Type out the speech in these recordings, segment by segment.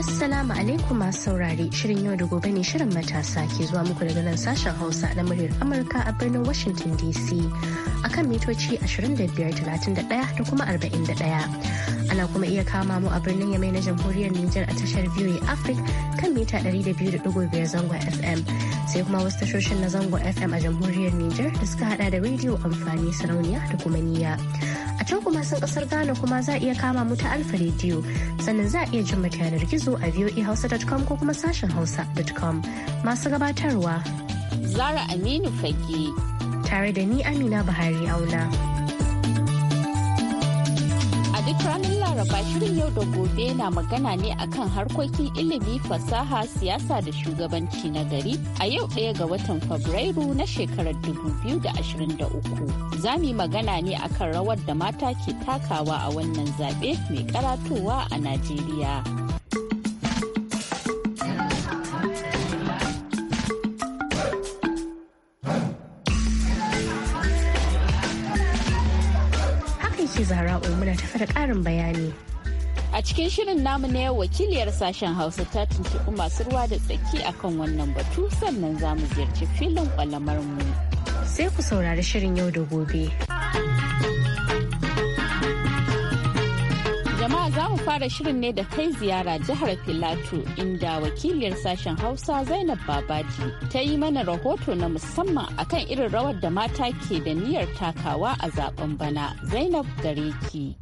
Assalamu alaikum masu saurare shirin yau da gobe ne shirin matasa ke zuwa muku daga nan sashen Hausa na muryar Amurka a birnin Washington DC akan mitoci 25,31 da kuma 41. Ana kuma iya kama mu a birnin Yamai na Jamhuriyar Nijar a tashar VOA Africa kan mita 200.5 zangon FM. Sai kuma wasu tashoshin na zangon FM a Jamhuriyar Nijar da suka hada da rediyo amfani sarauniya da kuma niyya. can kuma sun kasar Ghana kuma za a iya kama mu ta Alfa rediyo sannan za a iya jin mata yanar gizo a voahausa.com ko kuma sashen hausa.com masu gabatarwa. Zara Aminu Fage. Tare da ni Amina Buhari Auna. ranar Laraba shirin yau da gobe na magana ne akan harkokin ilimi, fasaha, siyasa da shugabanci na gari a yau ɗaya ga watan Fabrairu na shekarar 2023. Za mu yi magana ne akan rawar da mata ke takawa a wannan zaɓe mai karatowa a Najeriya. ƙarin bayani. A cikin shirin namu na wakiliyar sashen Hausa ta tuntuɓi masu ruwa da tsaki akan wannan batu sannan za mu ziyarci filin mu. Sai ku saurari shirin yau da gobe. Jama'a za mu fara shirin ne da kai ziyara jihar Filato inda wakiliyar sashen Hausa Zainab Babaji ta yi mana rahoto na musamman akan irin rawar da mata ke da niyyar takawa a zaben bana Zainab Gareki.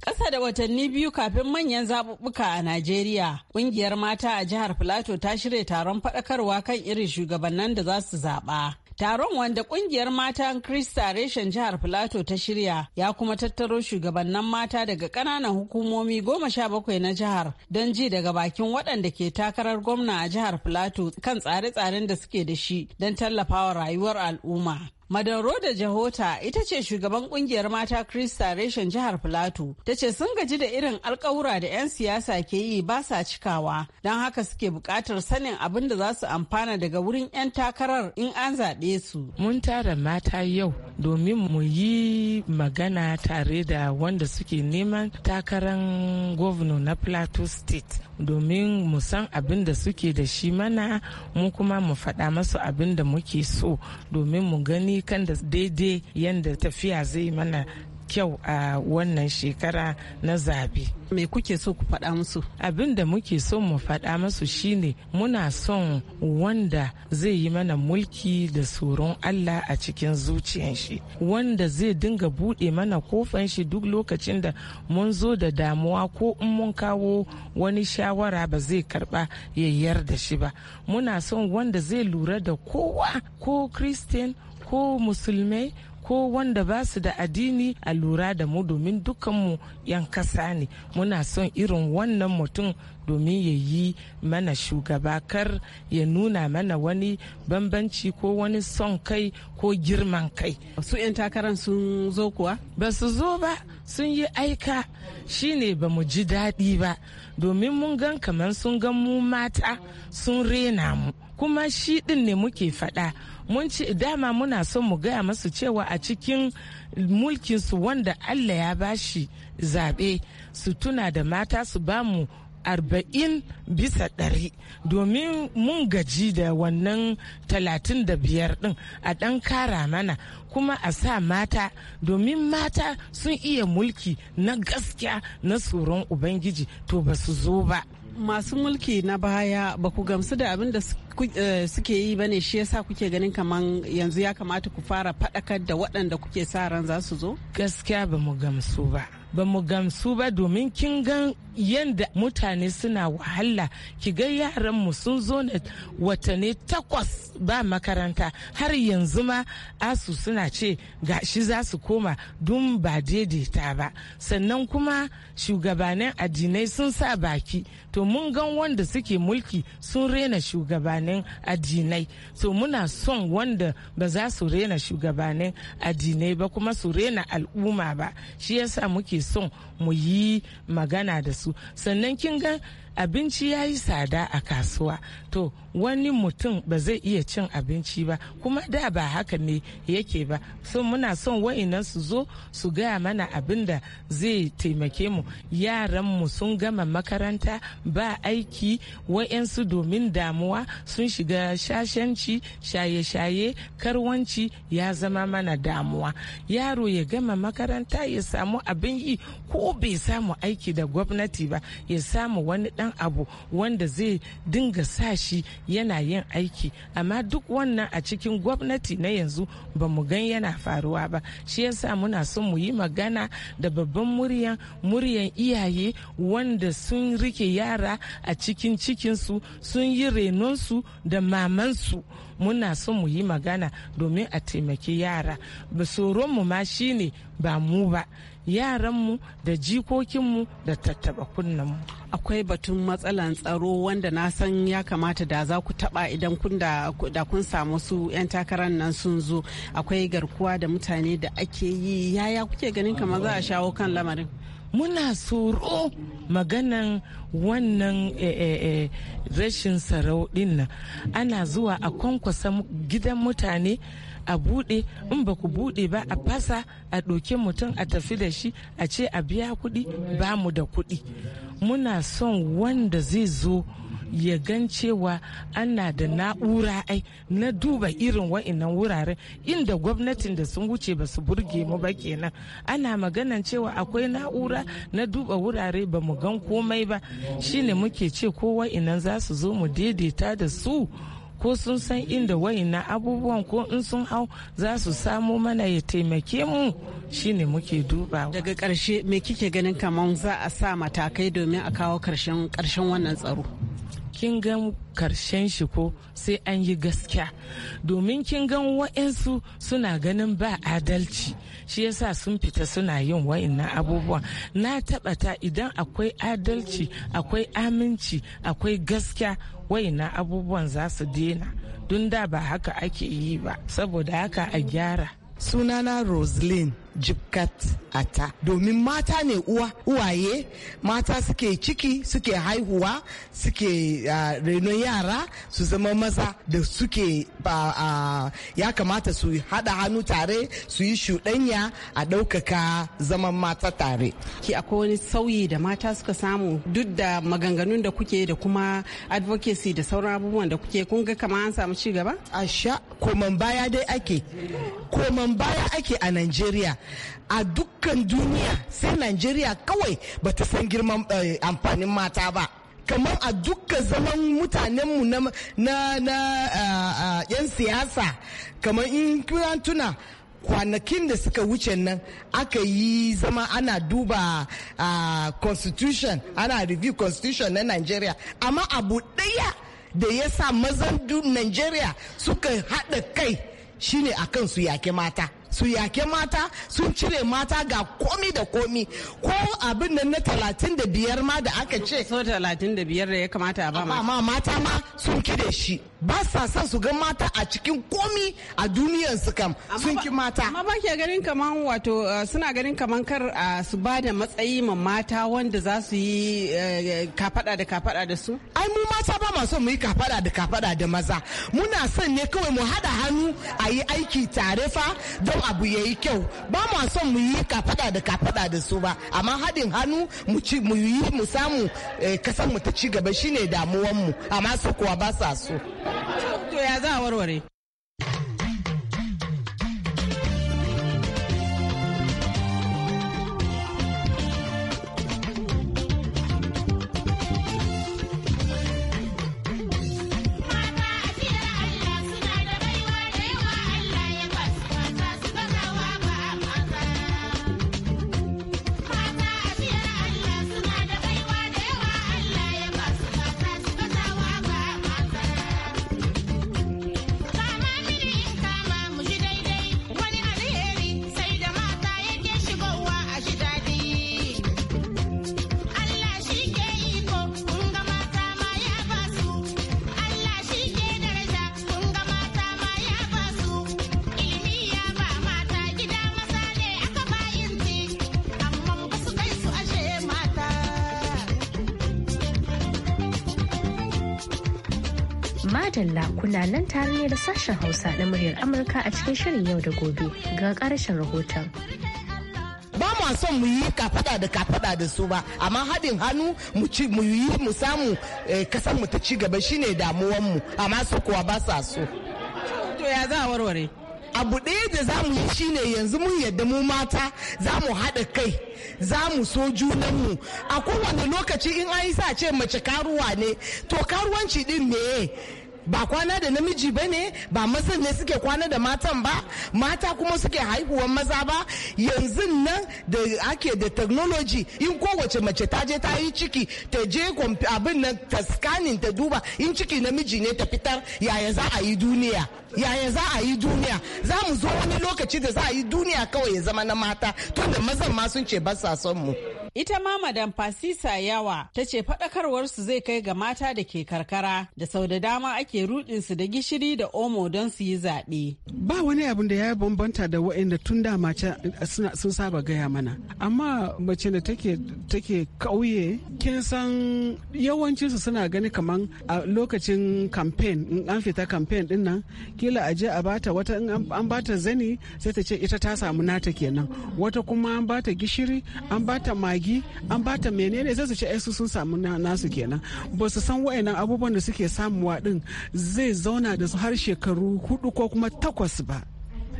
Ƙasa da watanni biyu kafin manyan zaɓuɓɓuka a Najeriya, ƙungiyar mata a jihar Filato ta shirya taron faɗakarwa kan irin shugabannin da za su zaɓa. Taron wanda ƙungiyar matan Krista reshen jihar Filato ta shirya ya kuma tattaro shugabannin mata daga ƙananan hukumomi goma sha bakwai na jihar don ji daga bakin waɗanda ke takarar gwamna a jihar Filato kan tsare-tsaren da suke da shi don tallafawa rayuwar al'umma. Madaro da Jahota ita ce shugaban kungiyar mata Krista reshen jihar Filato ta ce sun gaji da irin alkawura da 'yan siyasa ke yi ba sa cikawa don haka suke buƙatar sanin abin da za su amfana daga wurin 'yan takarar in an zaɓe su. Mun tara mata yau domin mu yi magana tare da wanda suke neman takarar gwamna na Plateau State domin mu san abin da suke da shi mana mu kuma mu faɗa masu abin da muke so domin mu gani gani kan da daidai yadda tafiya zai mana kyau a wannan shekara na zabe. Me kuke so ku faɗa musu? Abin da muke so mu faɗa musu shine muna son wanda zai yi mana mulki da tsoron Allah a cikin zuciyar shi. Wanda zai dinga buɗe mana kofan shi duk lokacin da mun zo da damuwa ko in mun kawo wani shawara ba zai karba ya yarda shi ba. Muna son wanda zai lura da kowa ko Christian ko musulmai ko wanda ba su da addini a lura da mu domin dukanmu 'yan kasa ne muna son irin wannan mutum domin ya yi mana shugaba kar ya nuna mana wani bambanci ko wani son kai ko girman kai su 'yan takarar sun zo kuwa ba su zo ba sun yi aika shine ba mu ji daɗi ba domin mun gan kamar sun gan mu mata sun rena mu kuma shi ɗin ne muke faɗa mun ce dama muna son mu gaya masu cewa a cikin mulkinsu wanda allah ya bashi zaɓe su tuna da mata su bamu arba'in bisa ɗari domin mun gaji da wannan talatin da biyar ɗin a ɗan kara mana kuma a sa mata domin mata sun iya mulki na gaskiya na tsoron ubangiji to ba su zo ba masu mulki na baya ba ku gamsu da abin da su. Eh, suke yi bane shi yasa kuke ganin kaman yanzu ya kamata ku fara faɗakar da waɗanda kuke sa ran za su zo? Gaskiya ba mu gamsu ba. Ba mu gamsu ba domin kin gan yadda mutane suna wahala ki ga yaranmu sun zo na watanni takwas ba makaranta har yanzu ma asu suna ce gashi za su koma dun ba daidaita ba sannan kuma shugabanin addinai sun sa baki to mun gan wanda suke mulki sun rena shugabanin shugabannin addinai so muna son wanda ba za su rena shugabannin addinai ba kuma su rena al'umma ba shi yasa muke son mu yi magana da su sannan kin ga abinci ya yi tsada a kasuwa to wani mutum ba zai iya cin abinci ba kuma da ba haka ne yake ba so muna son wa'inan su zo su gaya mana abin da zai taimake mu yaran mu sun gama makaranta ba aiki wa'yansu domin damuwa sun shiga shashanci shaye-shaye karwanci ya zama mana damuwa yaro ya gama makaranta ya samu abin yi ko bai samu aiki da gwamnati ba ya samu wani dan abu wanda zai dinga sa shi yana yin aiki amma duk wannan a cikin gwamnati na yanzu ba mu gan yana faruwa ba shi yasa muna son mu yi magana da babban muryan muryan iyaye wanda sun rike yara a cikin cikinsu sun yi renonsu da mamansu muna so mu yi magana domin a taimaki yara ba mu ma shine ba mu ba yaranmu da jikokinmu da tattaba kunnenmu. akwai batun matsalan tsaro wanda na san ya kamata da za ku taba idan kun da kun samu su 'yan takarar nan sun zo akwai garkuwa da mutane da ake yi yaya kuke ganin kamar za a shawo kan lamarin muna tsoro maganan wannan eh, eh, eh, rashin sarau din ana zuwa a kwankwasa gidan mutane a buɗe in ba ku buɗe ba a fasa a ɗauki mutum a tafi da shi a ce a biya kuɗi ba mu da kuɗi muna son wanda zai zo ya gan cewa ana da na'ura ai na duba irin wa'inan wurare inda gwamnatin da sun wuce ba su burge mu ba kenan ana maganan cewa akwai na'ura na duba wurare ba mu gan komai ba shine muke ce ko wa'inan za su zo mu daidaita da su ko sun san inda wayina abubuwan ko in sun hau za su samo mana ya taimake mu shine muke dubawa daga karshe me kike ganin kaman za a sa matakai domin a kawo karshen karshen wannan tsaro kin gan karshen shi ko sai an yi gaskiya domin kin gan wa'yansu suna ganin ba adalci shi yasa sun fita suna yin wa'annan abubuwa na taba ta idan akwai adalci akwai aminci akwai gaskiya wa'annan abubuwan za su daina don da ba haka ake yi ba saboda haka a gyara sunana roseline jibkat ata domin mata ne uwa uwaye mata suke ciki suke haihuwa suke uh, renon yara su zama maza da suke uh, ya kamata su hada hannu tare su yi shuɗanya a ɗaukaka zaman mata tare ki akwai wani sauyi da mata suka samu duk da maganganun da kuke da kuma advocacy da sauran abubuwan da kuke kun ga kama an samu ci gaba koman baya dai ake koman baya ake a Najeriya a dukkan duniya sai najeriya kawai bata san girman eh, amfanin mata ba kamar a dukkan zaman mutanenmu na eh, eh, yan siyasa kamar in kuna tuna kwanakin da suka wuce nan aka yi zama ana duba a constitution ana review constitution na nigeria amma abu ɗaya da ya sa mazan nigeria suka haɗa kai shine akan su yake mata su yake mata sun cire mata ga komi da komi ko abin nan na talatin da biyar ma da aka ce so talatin da biyar da ya kamata a ba ma mata ma sun kide shi ba sa son su ga mata a cikin komi a duniyar su kam sun ki mata amma ba ke ganin kaman wato uh, suna ganin kaman kar uh, su ba da matsayi ma mata wanda za su yi uh, kafada da kafada da su ai mu mata ba ma son mu yi kafada da kafada da maza muna son ne kawai mu hada hannu a yi aiki tare fa don abu ya yi kyau ba ma son mu yi kafada da kafada da su ba amma haɗin hannu mu ci mu yi mu samu kasan eh, mu ta ci gaba shine damuwan mu amma su kuwa ba sa so to ya za a warware talla kuna nan tare ne da sashen hausa na muryar amurka a cikin shirin yau da gobe ga karshen rahoton ba mu son mu yi kafada da kafada da su ba amma haɗin hannu mu ci mu yi mu samu kasan eh, mu ta ci gaba shine damuwan mu amma su kuwa ba sa so to ya za warware abu ɗaya da za mu yi shine yanzu mun yadda mu mata za mu haɗa kai za mu so junanmu a kowane lokaci in an yi sa ce mace karuwa ne to karuwanci ɗin meye ba kwana da namiji ba ne ba mazan ne suke kwana da matan ba mata kuma suke haihuwar maza ba yanzu nan da ake da technology in kowace mace ta je ta yi ciki ta je abin nan ta scanning ta duba in ciki namiji ne ta fitar yaya za a yi duniya yaya za a yi duniya za mu zo wani lokaci da za a yi duniya kawai ya zama na mata tunda mazan ma sun ce ba sa son mu Ita ma Madam Fasisa Yawa ta ce su zai kai ga mata da ke karkara da sau da dama ake rudinsu da gishiri da omo don su yi zaɓe. Ba wani abin da ya bambanta da waɗanda tun da mace sun saba gaya mana. Amma mace da take kauye ƙauye kin san yawancinsu suna gani kamar a lokacin kamfen in an fita kamfen din nan kila a je a bata wata in an bata zani sai ta ce ita ta samu nata kenan wata kuma an bata gishiri an bata magi zargi an bata menene zai su ce ai su sun samu nasu kenan ba su san wayannan abubuwan da suke samuwa din zai zauna da su har shekaru hudu ko kuma takwas ba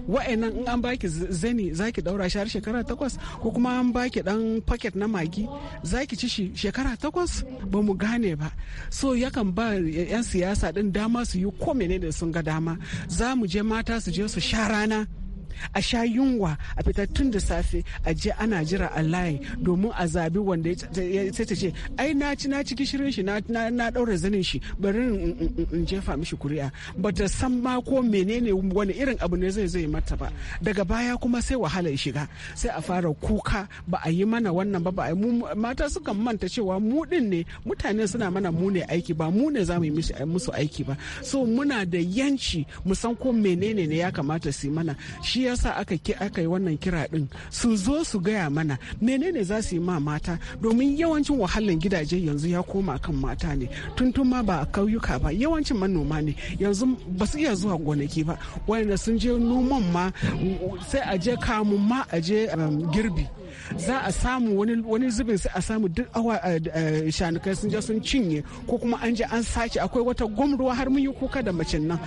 wa'annan in an baki zani zaki daura shi har shekara takwas ko kuma an baki dan paket na magi zaki ci shi shekara takwas ba mu gane ba so yakan ba yan siyasa din dama su yi ko menene sun ga dama za mu je mata su je su sha rana a sha yunwa a fitar tun da safe a je ana jira a layi domin a zabi wanda ya ta ce ai na ci na ci gishirin shi na ɗaura zanin shi bari in jefa mishi kuri'a ba ta san ma ko menene wani irin abu ne zai zai mata ba daga baya kuma sai wahala ya shiga sai a fara kuka ba a yi mana wannan ba ba mata sukan manta cewa mu din ne mutane suna mana mu ne aiki ba mu ne za mu yi musu aiki ba so muna da yanci mu san ko menene ne ya kamata su yi mana shi yasa aka ki aka yi wannan kira din su zo su gaya mana menene za su yi ma mata domin yawancin wahalan gidaje yanzu ya koma kan mata ne tuntun ma ba a kauyuka ba yawancin manoma ne yanzu ba su iya zuwa gonaki ba wanda sun je noman ma sai a je kamun ma a je um, girbi za a samu wani zubin sai a samu duk awa shanukai sun je sun cinye ko kuma an je an sace akwai wata gwamruwa har mun yi kuka da macen nan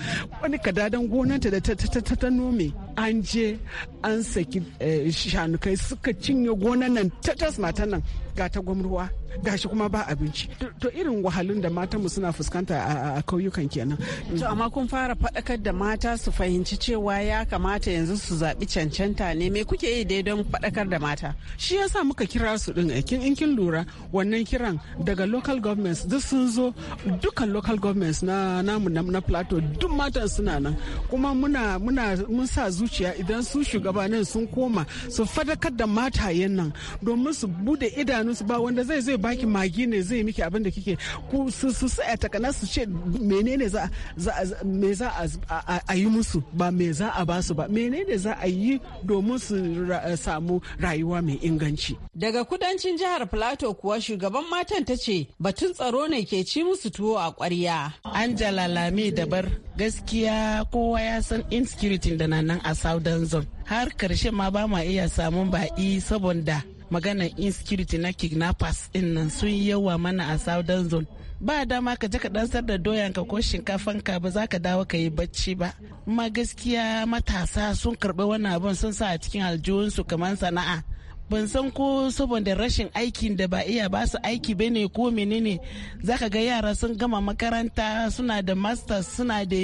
wani kadadan gonanta da ta nome an je an saki eh, shanukai suka cinye gonan nan ta tasmata nan ga ta gwamruwa gashi kuma ba abinci to irin wahalun da matan mu suna fuskanta a kauyukan kenan to amma kun fara faɗakar da mata su fahimci cewa ya kamata yanzu su zaɓi cancanta ne me kuke yi dai don faɗakar da mata shi yasa muka kira su din aikin eh, in kin lura wannan kiran daga local governments duk sun zo dukkan local governments na namu na plateau duk matan suna nan kuma muna muna mun sa zuciya idan su shugabanin sun koma su faɗakar da matayen nan domin su bude idanu tsakaninsu ba wanda zai zai baki magi ne zai miki abin da kike ku su su sai takana su ce menene za me za a yi musu ba me za a ba su ba menene za a yi domin su samu rayuwa mai inganci daga kudancin jihar plateau kuwa shugaban matan ta ce batun tsaro ne ke ci musu tuwo a kwarya angela lami dabar gaskiya kowa ya san insecurity da nan a southern zone har karshe ma ba ma iya samun ba'i saboda maganan insecurity na kidnappers din nan sun yawa mana a southern zone ba dama ka je ka dansar da doyanka ko shinkafanka ba za ka dawo ka yi bacci ba amma gaskiya matasa sun karbi wannan abin sun sa a cikin aljihunsu kamar sana'a ban san ko saboda rashin aikin da ba iya ba su aiki ba ne ko menene ka ga yara sun gama makaranta suna da masters suna da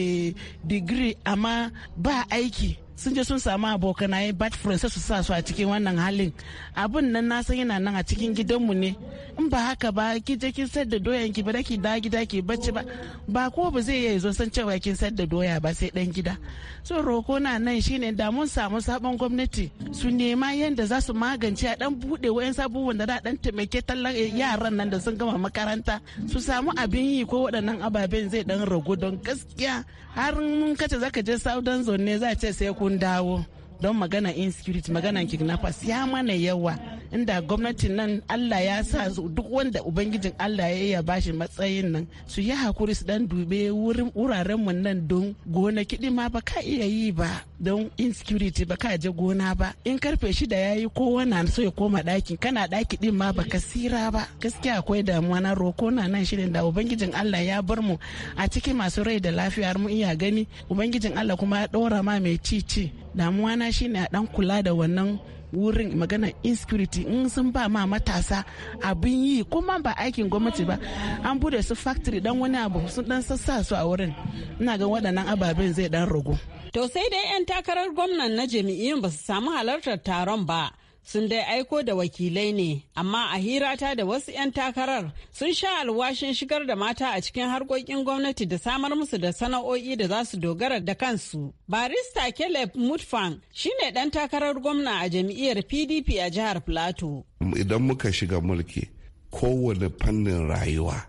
degree amma ba aiki sun je sun samu abokanaye bad friends su sa su a cikin wannan halin abin nan na san yana nan a cikin gidanmu ne in ba haka ba ki je kin sayar da doyan ki ba da ki da gida ki bacci ba ba ko ba zai iya zo san cewa kin sayar da doya ba sai dan gida so roko na nan shine da mun samu sabon gwamnati su nema yanda za su magance a dan bude wayan sabuwan da dan taimake tallan eh, yaran nan da sun gama makaranta su samu abin yi ko waɗannan ababen zai dan ragu don gaskiya har mun kace zaka je saudan zone ne za ce sai kun dawo don magana in security magana kidnappers ya mana yawa inda gwamnatin nan Allah ya sa duk wanda ubangijin Allah ya yi bashi matsayin nan su yi hakuri su dan dube wurin wuraren mu nan don gona kiɗi ma ba ka iya yi ba don insecurity ba ka je gona ba in karfe shida ya yi kowa na so ya koma daki kana daki ɗin ma ba ka sira ba gaskiya akwai damuwa na roko na nan shirin da ubangijin Allah ya bar mu a cikin masu rai da lafiyar mu iya gani ubangijin Allah kuma ya ɗora ma mai cici damuwa na shine a dan kula da wannan wurin magana insecurity in sun ba ma matasa abin yi kuma ba aikin gwamnati ba an bude su factory dan wani abu sun dan sassa su a wurin ina ga waɗannan ababen zai dan ragu to sai dai 'yan takarar gwamnan na jami'in ba su samu halartar taron ba sun dai aiko da wakilai ne amma a hirata da wasu 'yan takarar sun sha alwashin shigar da mata a cikin harkokin gwamnati da samar musu da sana'o'i da za su dogara da kansu barista caleb mutfan shine dan takarar gwamna a jam'iyyar pdp a jihar plato idan muka shiga mulki kowane fannin rayuwa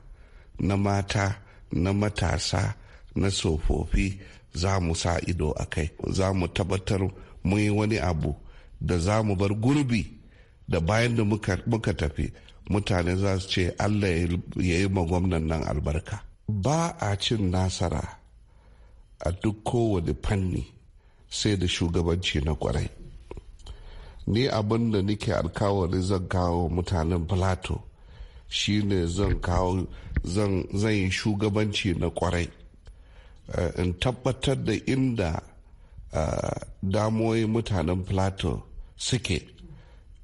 na mata na matasa na tsofaffi za mu sa ido a kai za mu tabbatar mun yi wani abu da za mu bar gurbi da bayan da muka tafi mutane za su ce allah ya yi gwamnan nan albarka ba a cin nasara a duk kowane fanni sai da shugabanci na kwarai ni abin da nike alkawari zan kawo mutanen plato shine zan kawo zan yi shugabanci na kwarai eh, in tabbatar da inda eh, damoyi mutanen plato suke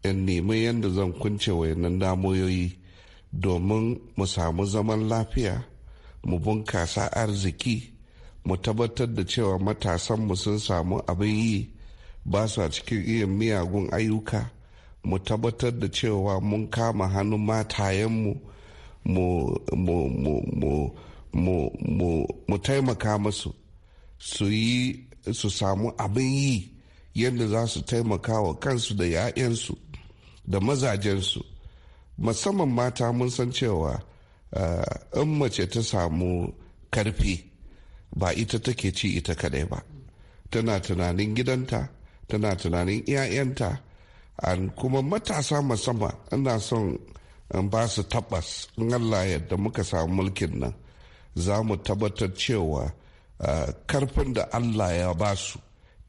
in nemi yadda zan kunce wayannan damoyoyi domin mu samu zaman lafiya mu bunkasa arziki mu tabbatar da cewa matasanmu sun samu abin yi ba su a cikin iyan miyagun ayyuka mu tabbatar da cewa mun kama hannun matayenmu mu taimaka musu su yi su samu abin yi yadda za su taimaka wa kansu da 'ya'yansu da mazajensu musamman mata mun san cewa eh, in mace ta samu karfi ba ita take ci ita kadai ba tana tunanin gidanta tana tunanin 'ya'yanta kuma matasa musamman ina son in ba su tabbas in allah yadda muka samu mulkin nan za mu tabbatar cewa eh, karfin da allah ya ba su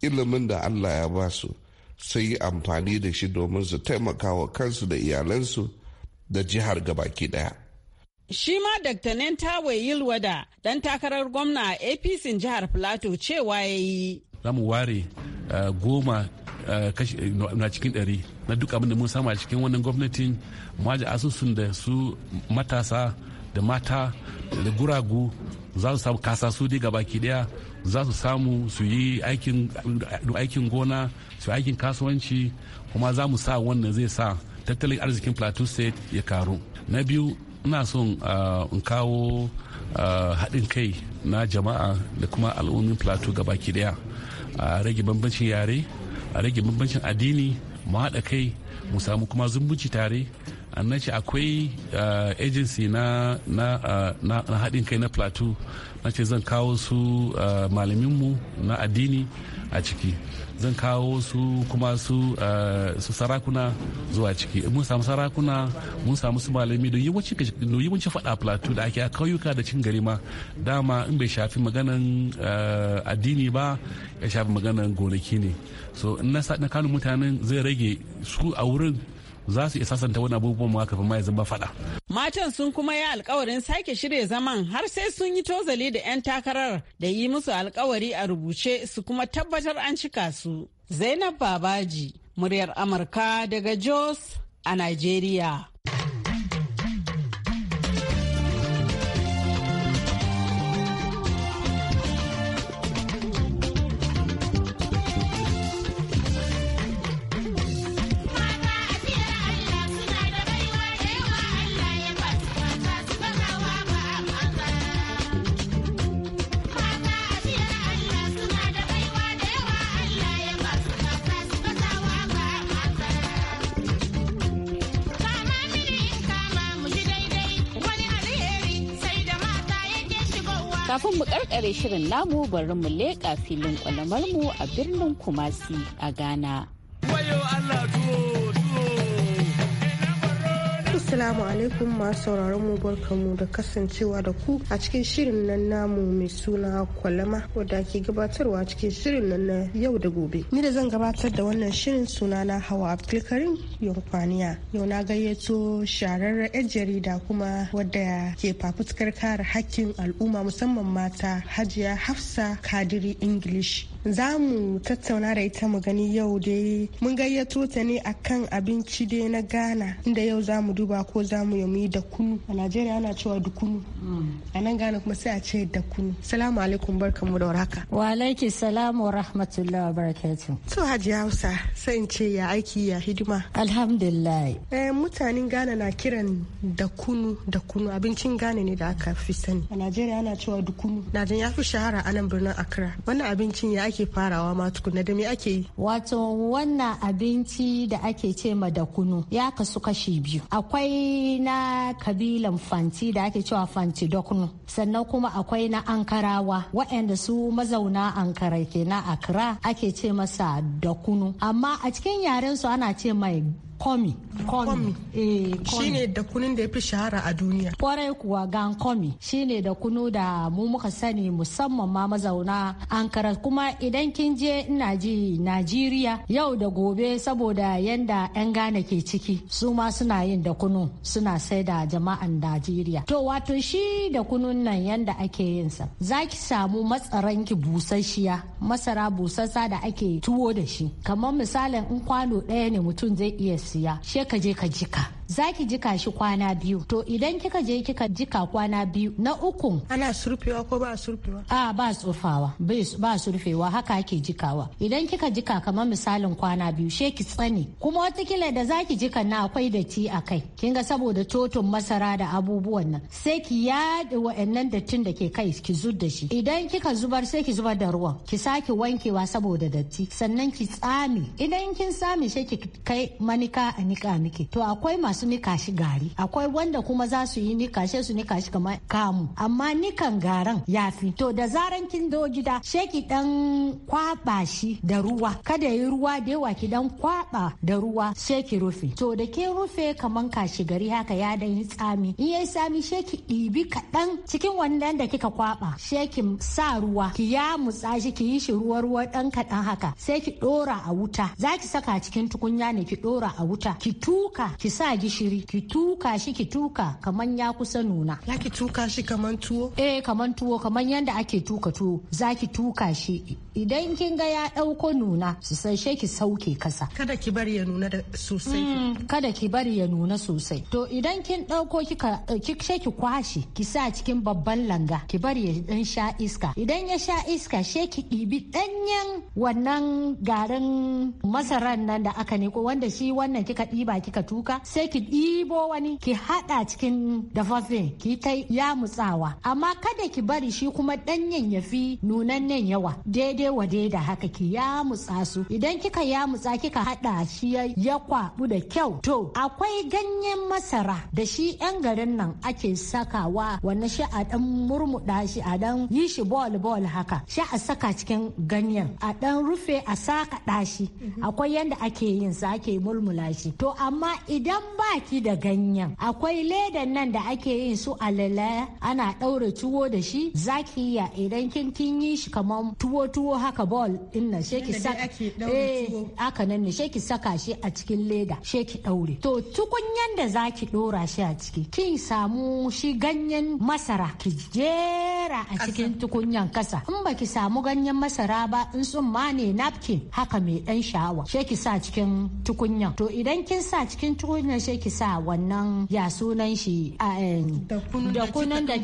ilimin da allah ya ba su sun yi amfani da shi domin su taimaka wa kansu da iyalansu da jihar gabaki daya Shi ma Dr. Nentawe Yilwada dan takarar gwamna a APC jihar Filato cewa ya yi. Za ware eh, goma eh, eh, na cikin ɗari na duk abin da mun samu a cikin wannan gwamnatin maji asusun da su matasa da mata da guragu za su samu kasasu ga baki daya za su samu su yi aikin gona su aikin kasuwanci kuma za mu sa wannan zai sa tattalin arzikin plateau state ya karu na biyu ina son ah, in kawo ah, haɗin kai na jama'a da kuma al'ummin plateau baki daya a rage bambancin yare a rage bambancin addini mu haɗa kai mu samu kuma zumbunci tare annan ce akwai eh, agency eh, na haɗin kai na plateau na ce zan kawo su eh, malaminmu na addini a ciki zan kawo su kuma su sarakuna zuwa ciki mun samu sarakuna mun samu su malami da yawanci faɗa plateau da ake a kauyuka da cin gari ma dama in bai shafi maganan addini ba ya shafi maganan gonaki ne so in na kano mutanen zai rage su a wurin za su iya sasanta wani abubuwan ma kafin ma ya zama fada. Matan sun kuma yi alkawarin sake shirya zaman har sai sun yi tozali da 'yan takarar da yi musu alkawari a rubuce su kuma tabbatar an cika su. Zainab Babaji, muryar Amurka daga Jos a Najeriya. Kafin mu karkare shirin namu bari mu leƙa filin kwalamar mu a birnin Kumasi a Ghana. Wayo Allah Assalamu alaikum masu sauraron mu barkamu da kasancewa da ku a cikin shirin nan namu mai suna kwalama wadda ke gabatarwa cikin shirin nan na yau da gobe. Ni da zan gabatar da wannan shirin suna na Hawa Abdulkarim Yankwaniya. Yau na gayyato shararren 'yan jarida kuma wadda ke fafutukar kare hakkin al'umma musamman mata Hajiya Hafsa Kadiri English za mu tattauna da ita mu gani yau dai mun gayyato ta ne akan abinci dai na ghana inda yau za mu duba ko za mu yi da kunu a najeriya ana cewa da kunu a nan ghana kuma sai a ce da kunu salamu alaikum barkamu da warhaka wa alaiki salamu rahmatullahi wa to hausa sai in ce ya aiki ya hidima alhamdulillah eh, mutanen ghana na kiran da kunu da kunu abincin ghana ne da aka fi sani a najeriya ana cewa da kunu na ya fi shahara a nan birnin accra wannan abincin ya ake farawa ma tukunna da me ake yi wato wannan abinci da ake ce ma da kunu ya kasu kashi biyu akwai na kabilan fanti da ake cewa fanti da kunu sannan kuma akwai na ankarawa waɗanda su mazauna ankara na akra ake ce masa da kunu amma a cikin yaren su ana ce mai komi eh, komi shine da kunun da ya fi shahara a duniya kwarai kuwa gan komi shine da kunu da mu muka sani musamman ma mazauna ankara kuma idan kin je ina ji najeriya yau da gobe saboda yanda yan gane ke ciki su ma suna yin da kunu suna sai da jama'an najeriya to wato shi da kunun nan yanda ake yin sa zaki samu matsaranki busasshiya masara busassa da ake tuwo da shi kamar misalin in kwano ɗaya ne mutum zai iya siya shi ka je ka jika za ki jika shi kwana biyu to idan kika je kika jika kwana biyu na uku ana surfewa ko ba surfewa a ba tsufawa ba surfewa haka ake jikawa idan kika jika kamar misalin kwana biyu she ki tsani kuma watakila da za ki jika na akwai datti a kai kin ga saboda totun masara da abubuwan nan sai ki yaɗa wa'annan dattin da ke kai ki zub da shi idan kika zubar sai ki zubar da ruwan ki sake wankewa saboda datti sannan ki tsami idan kin tsami sai ki kai manika a nika miki to akwai masu su nika shi gari akwai wanda kuma za su yi nika shi su nika shi kamar kamu amma nikan garan ya fi to da zaran kin zo gida sheki dan kwaba shi da ruwa kada yi ruwa da yawa ki dan kwaba da ruwa sheki rufe to da ke rufe kamar kashi gari haka ya dan yi tsami in yayi tsami sheki ɗibi kaɗan cikin wannan da kika kwaba sheki sa ruwa ki ya mutsa shi ki yi shi ruwa ruwa dan kaɗan haka sai ki ɗora a wuta zaki saka cikin tukunya ne ki ɗora a wuta ki tuka ki sa gishiri ki tuka shi ki tuka kaman ya kusa nuna za ki tuka shi kaman tuwo eh kaman tuwo kaman yanda ake tuka tuwo za ki tuka shi idan kin ga ya dauko nuna su sai ki sauke kasa kada ki bari ya nuna da sosai mm, kada ki bari ya nuna sosai to idan kin dauko kika eh, ki ki kwashi ki sa cikin babban langa ki bari ya dan sha iska idan ya sha iska she ki ɗibi ɗanyen wannan garin masaran nan da aka ne ko wanda shi wannan kika ɗiba kika tuka sai ki ɗibo wani ki haɗa cikin dafaffen ki ta mutsawa amma kada ki bari shi kuma ɗanyen ya fi nunannen yawa daidai wa da haka ki yamutsa su idan kika yamutsa kika haɗa shi ya kwaɓu da kyau to akwai ganyen masara da shi 'yan garin nan ake sakawa wannan shi a ɗan murmuɗa shi a ɗan yi shi bol bol haka shi a saka cikin ganyen a ɗan rufe a saka ɗashi mm-hmm. akwai yadda ake yin sa ake mulmula shi to amma idan baki da ganyen akwai ledan nan da ake yin su alala ana ɗaure tuwo da shi zaki iya idan kin kin yi shi kamar tuwo tuwo haka ball din na sheki saka eh aka nan ne sheki saka shi a cikin leda sheki ɗaure to tukunyan da zaki ɗora shi a ciki kin samu shi ganyen masara ki jera a cikin tukunyan kasa in baki samu ganyen masara ba in ma ne napkin haka mai ɗan sha'awa sheki sa cikin tukunyan to idan kin sa cikin tukunyan sai ki sa wannan ya sunan shi a. Eh, da kunan da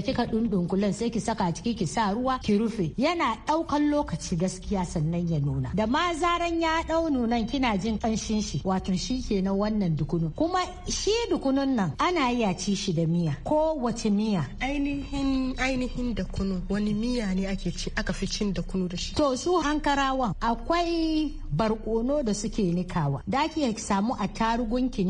kika dundunkulen eh, sai ki saka ciki ki sa ruwa ki rufe yana ɗaukan lokaci gaskiya sannan ya nuna da ma zaran ya dau nunan kina jin kanshin shi wato shi kenan wannan dukunu kuma shi dukunun nan ana iya ci shi da miya ko wace miya ainihin ainihin da kunu wani miya ne ake ci aka fi cin da kunu da shi to su hankarawan akwai barkono da suke nikawa da ki samu a tarugunki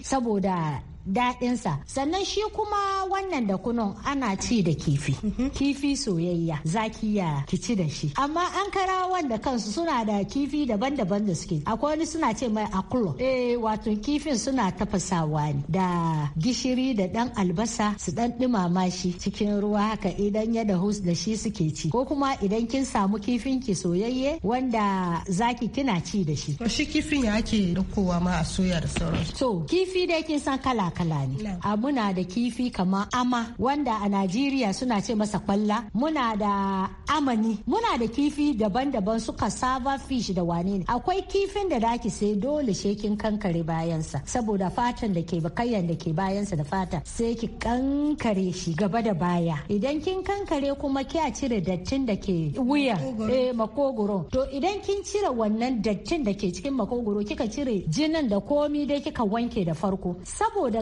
sauri saboda daɗinsa sannan shi kuma wannan da kunun ana ci da kifi mhm. kifi soyayya zaki ya kici da shi amma an kara wanda kansu suna da kifi daban-daban da suke akwai wani suna ce mai akulo eh wato kifin suna tafasawa ne da gishiri da ɗan albasa su dan dumama shi cikin ruwa haka idan ya hus da shi suke ci ko kuma idan kin samu kifin ki soyayye wanda zaki kina ci da shi shi kifin ya ke dukowa ma a soya da sauransu to kifi dai kin san kala kala-kala ne a ah, muna da kifi kama ama wanda a najeriya suna ce masa kwalla muna da amani muna da kifi daban-daban suka saba fish da wane ne akwai kifin da daki sai dole shekin kankare bayansa saboda fatan da ke bakayyan da ke bayansa da fata sai ki kankare shi gaba da baya idan kin kankare kuma kiya cire dattin da ke wuya eh makogoro to idan kin cire wannan dattin da ke cikin makogoro kika cire jinin da komi dai kika wanke da farko saboda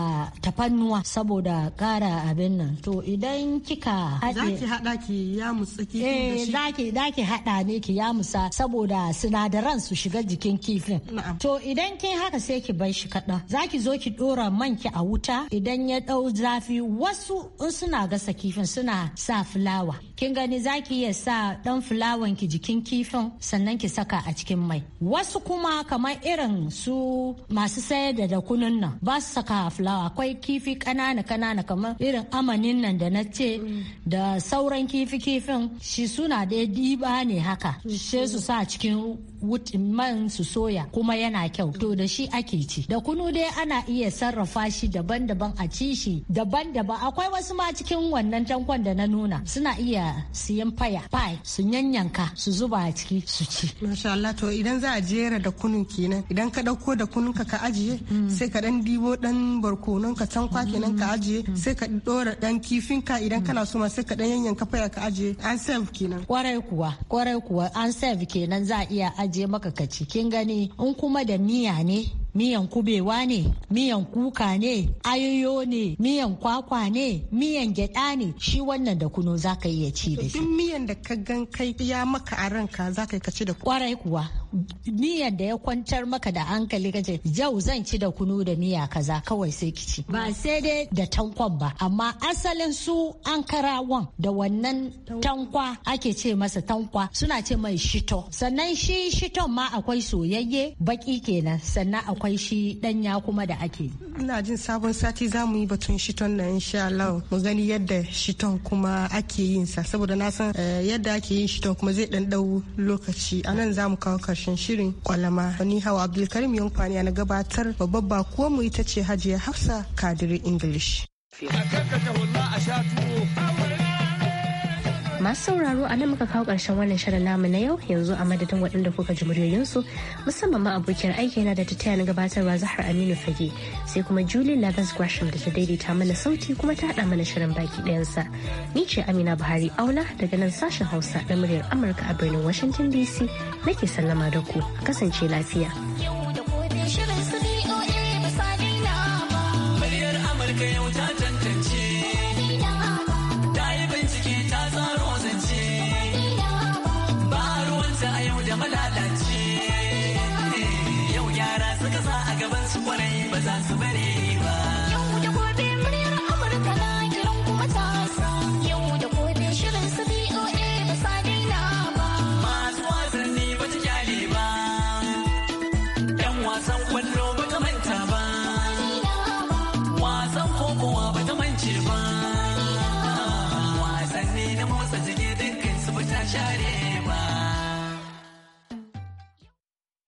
ta tafannuwa saboda kara abin nan to idan kika haɗe zaki haɗa ki ya musa kifin da eh, shi zaki zaki haɗa ne ki ya musa saboda sinadaran su shiga jikin kifin to idan kin haka sai ki bar shi kaɗan zaki zo ki ɗora man ki a wuta idan ya ɗau zafi wasu in suna gasa kifin suna sa fulawa kin gani zaki iya sa ɗan fulawan ki jikin kifin sannan ki saka a cikin mai wasu kuma kamar irin su masu sayar da dakunan nan ba su saka fulawa fulawa akwai kifi kanana kanana kamar irin amanin nan da na ce da sauran kifi kifin shi suna da diba ne haka she su sa cikin man su soya kuma yana kyau to da shi ake ci da kunu dai ana iya sarrafa shi daban-daban a ci shi daban-daban akwai wasu ma cikin wannan jankon da na nuna suna iya siyan faya pie su yanyanka su zuba a ciki su ci masha Allah to idan za a jera da kunun kenan idan ka dauko da kunun ka ka ajiye mm. sai ka dan dibo dan barkonon ka tankwa kenan ka mm. ajiye mm. sai ka dora dan kifin ka idan kana so ma sai ka dan yanyanka faya ka ajiye an save kenan kwarai kuwa kwarai kuwa an save kenan za a iya ajiye je maka ka cikin gani in kuma da miya ne miyan kubewa ne miyan kuka ne ayoyo ne miyan kwakwa ne miyan gyada ne shi wannan da kuno zaka iya ci da shi miyan da ka gan kai ya maka a ranka zaka ka ci da kwarai kuwa miyan da ya kwantar maka da hankali ce yau zan ci da kunu da miya kaza kawai sai ki ci ba sai dai da tankwan ba amma asalin su an karawan da wannan tankwa ake ce masa tankwa suna ce mai shito sannan shi shiton ma akwai soyayye baki kenan sannan akwai shi danya kuma da ake ina jin sabon sati za mu yi batun shiton na insha Allah mu gani yadda shiton kuma ake yin sa saboda na san eh, yadda ake yin shiton kuma zai dan dau lokaci a nan za mu kawo karshen shirin kwalama ni hawa abdulkarim yankwani na gabatar babbar ba ko mu ita ce hajiya hafsa kadiri english a sha masu sauraro a nan muka kawo ƙarshen wannan shirin namu na yau yanzu a madadin waɗanda kuka ji muryoyinsu musamman ma abokiyar aiki yana da ta taya na gabatarwa zahar aminu fage sai kuma julie lagos gresham da ta daidaita mana sauti kuma ta haɗa mana shirin baki ɗayansa ni ce amina buhari auna daga nan sashen hausa na muryar amurka a birnin washington dc nake sallama da ku kasance lafiya. kwarai ba za su